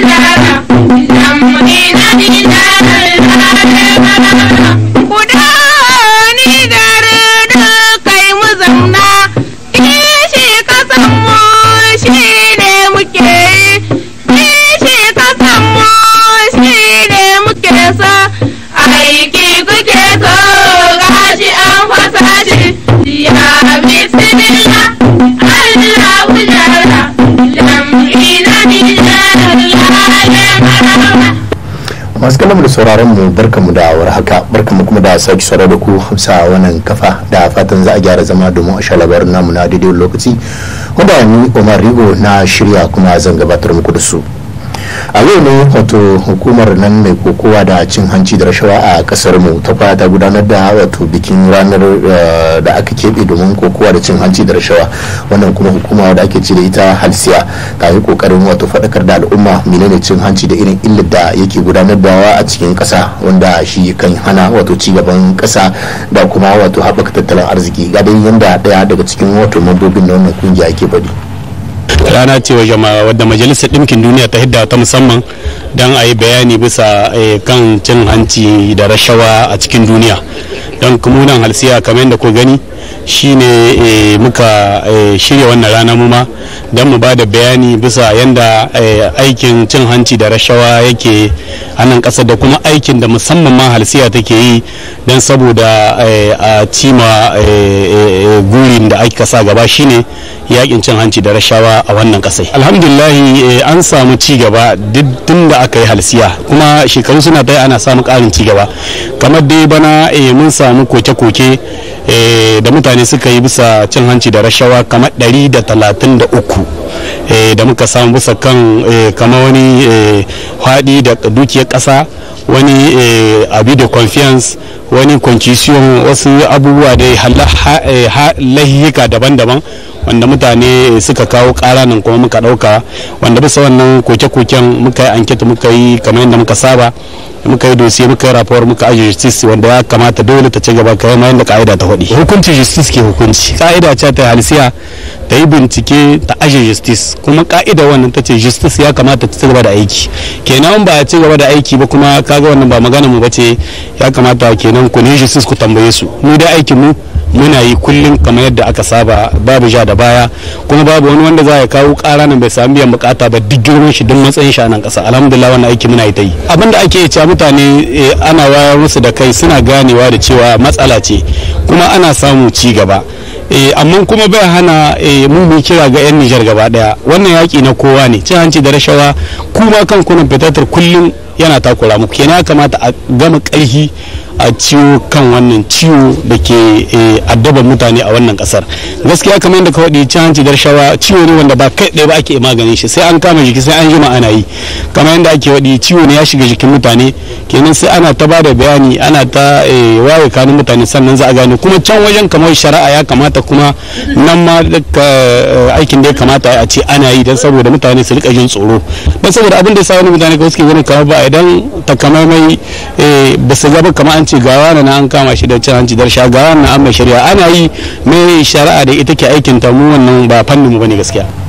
I'm Dina, Dina, Dina, masu kallon da sauraron mu barka mu da war haka barka mu kuma da sake sauraro da ku hamsa wannan kafa da fatan za a gyara zama domin a sha labarin namu na daidai lokaci wanda ni Omar Rigo na shirya kuma zan gabatar muku da su. a yau ne wato hukumar nan mai kokowa da cin hanci da rashawa a kasar mu ta fara ta gudanar da wato bikin ranar eh, da aka keɓe domin kokowa da cin hanci da rashawa wannan kuma hukuma da ake ce da ita halsiya ta yi kokarin wato faɗakar da al'umma menene cin hanci da irin illar da yake gudanar da a cikin ƙasa wanda shi kan hana wato ci gaban ƙasa da kuma wato haɓaka tattalin arziki ga dai yanda ɗaya daga cikin wato mambobin na wannan kungiya ke faɗi. rana ce wadda majalisar ɗinkin duniya ta hidda ta musamman don a yi bayani bisa eh, kan cin hanci da rashawa a cikin duniya don kumunan halsiya kamar yadda ku gani shine e, muka e, shirya wannan rana mu ma don mu ba da bayani bisa yadda e, eh, aikin cin hanci da rashawa yake a nan ƙasa da kuma aikin da musamman ma halsiya take yi don saboda a cima gurin da aka sa gaba shine yakin cin hanci da rashawa a wannan ƙasai alhamdulillahi an samu ci gaba duk da aka yi halsiya kuma shekaru suna daya ana samun ƙarin ci gaba kamar dai bana mun sa samu koke-koke eh, da mutane suka yi bisa cin hanci da rashawa kamar 133 eh, da muka samu bisa kan eh, kama wani haɗi da dukiyar ƙasa wani abi da confiance wani concision wasu abubuwa da lahiyika daban-daban wanda mutane suka kawo kara nan kuma muka dauka wanda bisa wannan koke-koken muka yi anketa muka yi kamar yadda muka saba muka yi dosiye muka yi rafuwar muka ajiye justice wanda ya kamata dole ta ci gaba kamar yadda ka'ida ta faɗi hukunci justice ke hukunci ka'ida ce ta halisiya ta yi bincike ta aji justice kuma ka'ida wannan ta ce justice ya kamata ta ci gaba da aiki kenan ba a ci gaba da aiki ba kuma kaga wannan ba magana mu ba ce ya kamata kenan ku ne justice ku tambaye su mu da aikin mu muna yi kullum kamar yadda aka saba babu ja da baya kuma babu wani wanda za ya kawo kara nan bai sami biyan bukata ba duk girman shi duk matsayin shi a nan kasa alhamdulillah wannan aiki muna yi ta yi da ake cewa mutane eh, ana wayar musu da kai suna ganewa da cewa matsala ce kuma ana samu ci gaba eh, amma kuma bai hana eh, mun kira ga 'yan nijar gaba daya wannan yaki na kowa ne cin hanci da rashawa kuma kan kunan fitatar kullum yana takura muku kenan ya kamata a gama ƙarfi a ciwo kan wannan ciwo da ke eh, addaban mutane a wannan kasar gaskiya kamar yadda ka faɗi cin hanci da ciwo ne wanda ba kai ɗaya ba ake maganin shi sai an kama jiki sai an jima ana yi kamar yadda ake waɗi ciwo ne ya shiga jikin mutane kenan sai ana ta bada bayani ana ta eh, waye kanun mutane sannan za a gane kuma can wajen kamar shari'a ya kamata kuma nan ma duka eh, aikin da ya kamata a ce ana yi don saboda mutane su rika jin tsoro don saboda abin da ya sa wani mutane ka ke ganin kamar ba a idan takamaimai eh, ba su gaba kamar an ce gawa na an kama shi da cin hanci da sha gawa na an mai shari'a ana yi mai shari'a da ita ke aikin ta mu wannan ba fannin mu bane gaskiya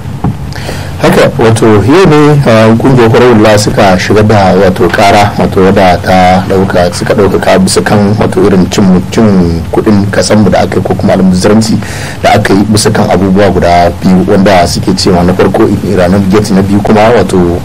haka wato yau ne kungiyar kwararwar suka shiga da wato kara wato wadda ta dauka suka daukaka bisa kan wato irin cin cin kudin kasan da aka yi ko kuma almuzranci da aka yi bisa kan abubuwa guda biyu wanda suke cewa na farko iranin gate na biyu kuma wato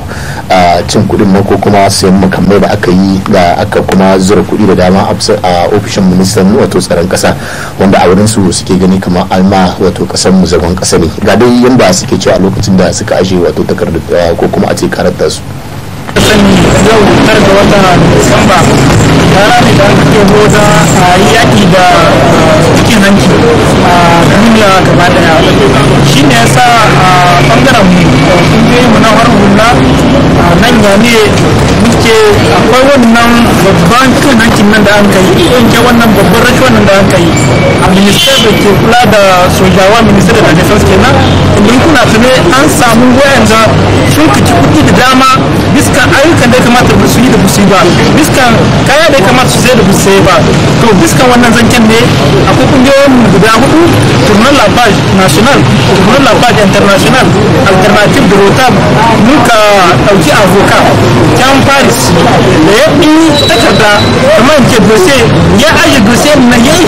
cin kudin na ko kuma sayan makamai da aka yi da aka kuma zura kudi da dama a ofishin ministan wato tsaron kasa wanda a wurin su suke gani kamar alma wato kasan mu zagon kasa ne ga dai yanda suke cewa a lokacin da suka ajiye wato takardu eh, ko kuma a ce karanta su yau tar da wata disamba rana ne da aka ho da da eh, cikin hanci a duniya gaba daya shi ne ya sa a bangaren mu kungiyoyin mu na harin hula nan ne yake akwai wannan babban cin hancin nan da an kai in ke wannan babban rashin nan da an kai a minister da ke kula da sojawa minister da na defense kenan idan kuna tune an samu wayanda sun kici kuɗi da dama biskan ayyukan da ya kamata ba su yi da busu ba biskan kaya da ya kamata su zai da busu ba to biskan wannan zancen ne a kukun yawon guda hudu journal labaj national journal labaj international alternative da rotab muka dauki avoka jan paris da ya fi takarda kamar ke dose ya aje dose na ya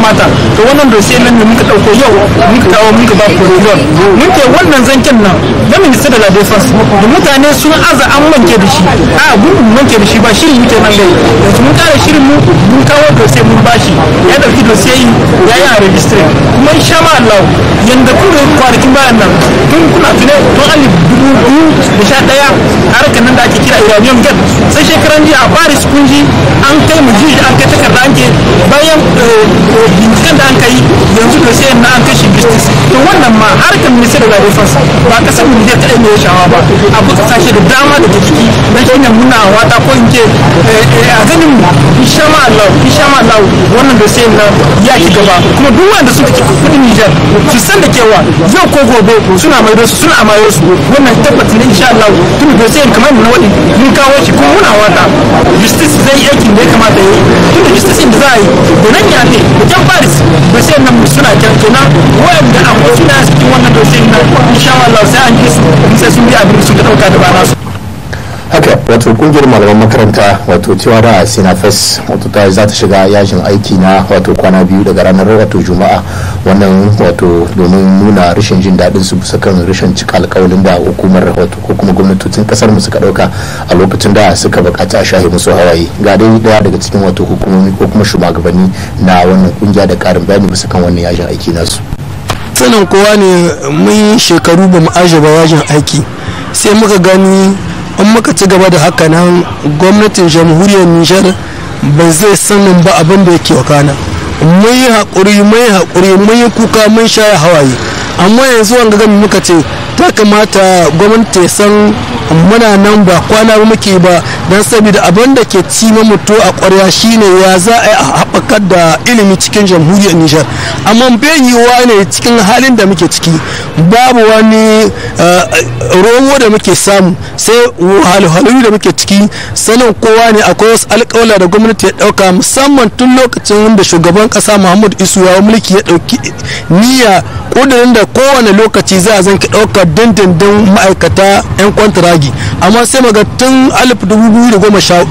kamata to wannan dosiye nan ne muka dauko yau muka kawo muka ba koridor mun ke wannan zancen nan da minista da la defense da mutane sun aza an manke da shi a gudun manke da shi ba shirin muke nan dai yanzu mun kare shirin mu mun kawo dosiye mun bashi ya dauki dosiye yi ya yi a registry kuma insha Allah yanda kun da kwanakin bayan nan tun kuna tune tun alif dubu biyu da sha daya harkar nan da ake kira iranium gate sai shekaran jiya a paris kun ji an kai mu jiji an kai takarda an ke bayan eh, binciken da an kai yanzu da sai na an kashi business to wannan ma harkar ministry da defense ba kasar mu ne kadai ne shawa ba akwai kasashe da dama da ciki na shi ne muna wata ko in ce eh, eh, a ganin mu insha Allah insha Allah wannan da sai na ya ki gaba kuma duk wanda suka ke kudin Niger su san da cewa zai ko gobe suna maido su suna amayo su wannan tabbata ne insha Allah tun da sai kamar mu na wadi mun kawo shi kuma muna wata justice zai yi aikin da ya kamata yi tun da justice da za a yi da nan ya ne da faris dosiyan nan suna kyan kenan wayanda akwai suna cikin wannan dosiyan na insha Allah sai an yi su sai sun bi abin su da dauka da ba nasu haka wato kungiyar malaman makaranta wato cewa da sinafes wato ta za ta shiga yajin aiki na wato kwana biyu daga ranar wato juma'a wannan wato domin nuna rashin jin daɗin su bisa kan rashin cika alkawalin da hukumar wato ko kuma gwamnatocin kasar mu suka ɗauka a lokacin da suka buƙaci a shahi musu hawaye ga dai daya daga cikin wato hukumomi ko kuma shugabanni na wannan kungiya da ƙarin bayani bisa kan wannan yajin aiki nasu sanin kowa ne mun shekaru ba mu aje ba yajin aiki sai muka gani in muka ci gaba da haka nan gwamnatin jamhuriyar nijar ba zai sanin ba abin da yake wakana mun yi haƙuri mun yi haƙuri mun yi kuka mun sha hawaye amma yanzu ga gami muka ce ta kamata gwamnati san muna nan ba kwana ba muke ba don saboda abin da ke ci na mutu a kwarya shine ya za a yi a haɓakar da ilimi cikin jamhuriyar nijar amma bai yiwuwa ne cikin halin da muke ciki babu wani eh, eh, romo da muke samu sai wahalhalu da muke ciki sanin kowa ne akwai wasu alƙawla da gwamnati ya ɗauka musamman tun lokacin da shugaban ƙasa muhammadu isu ya mulki ya ɗauki niyya ƙudurin da kowane lokaci za a zanki ɗaukar dindindin ma'aikata 'yan kwantara zagi amma sai maga tun 2014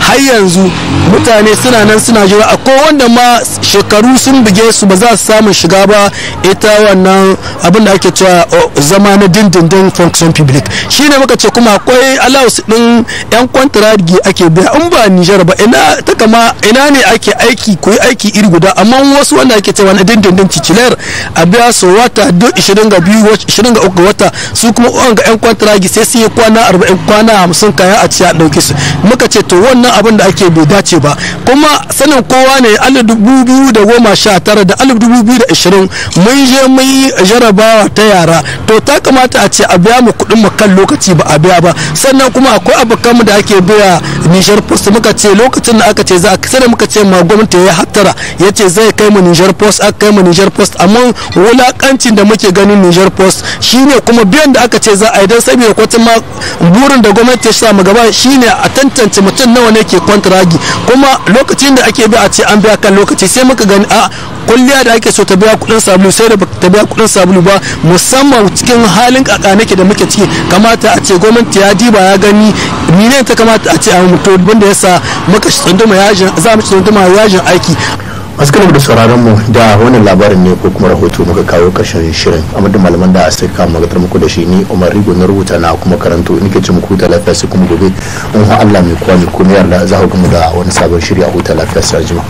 har yanzu mutane suna nan suna jira akwai wanda ma shekaru sun buge su ba za su samu shiga ba ita wannan abin da ake cewa oh, zama na dindindin function public shine muka ce kuma akwai allowance din yan kwantiragi ake biya in ba Nijar ba ina ta kama ina ne ake aiki koyi aiki iri guda amma wasu wanda ake cewa na dindindin cicilar a biya su wata duk 22 23 wata su kuma wanga yan kwantiragi sai su yi kwana kwana arba'in kwana hamsin kaya a ciya ɗauki su muka ce to wannan abin da ake bai dace ba kuma sanin kowa ne alif dubu biyu da goma sha tara da alif dubu biyu da ashirin mun je mun yi jarabawa ta yara to ta kamata a ce a biya mu kuɗin mu kan lokaci ba a biya ba sannan kuma akwai abokan mu da ake biya Niger Post muka ce lokacin da aka ce za a sai muka ce ma gwamnati ya hattara ya ce zai kai mu Niger Post aka kai mu Niger Post amma wulakancin da muke ganin Niger Post shine kuma biyan da aka ce za a yi don saboda kwata ma burin da gwamnati ya sa gaba shine a tantance mutum nawa ne ke kwantaragi kuma lokacin da ake bi a ce an biya kan lokaci sai muka gani a kulliya da ake so ta biya kudin sabulu sai da ta biya kudin sabulu ba musamman cikin halin kaka nake da muke ciki kamata a ce gwamnati ya diba ya gani ne ta kamata a ce a mutu banda ya sa muka tsunduma yajin za mu tsunduma yajin aiki masu da sauraron mu da wannan labarin ne ko kuma rahoto muka kawo karshen shirin a madadin malaman da sai kama magatar muku da shi ni umar rigo na rubuta na kuma karanto in ke ci muku huta lafiya sai kuma gobe in ha Allah mai kwami ko ne yarda za ku mu da wani sabon shiri a huta lafiya sai jima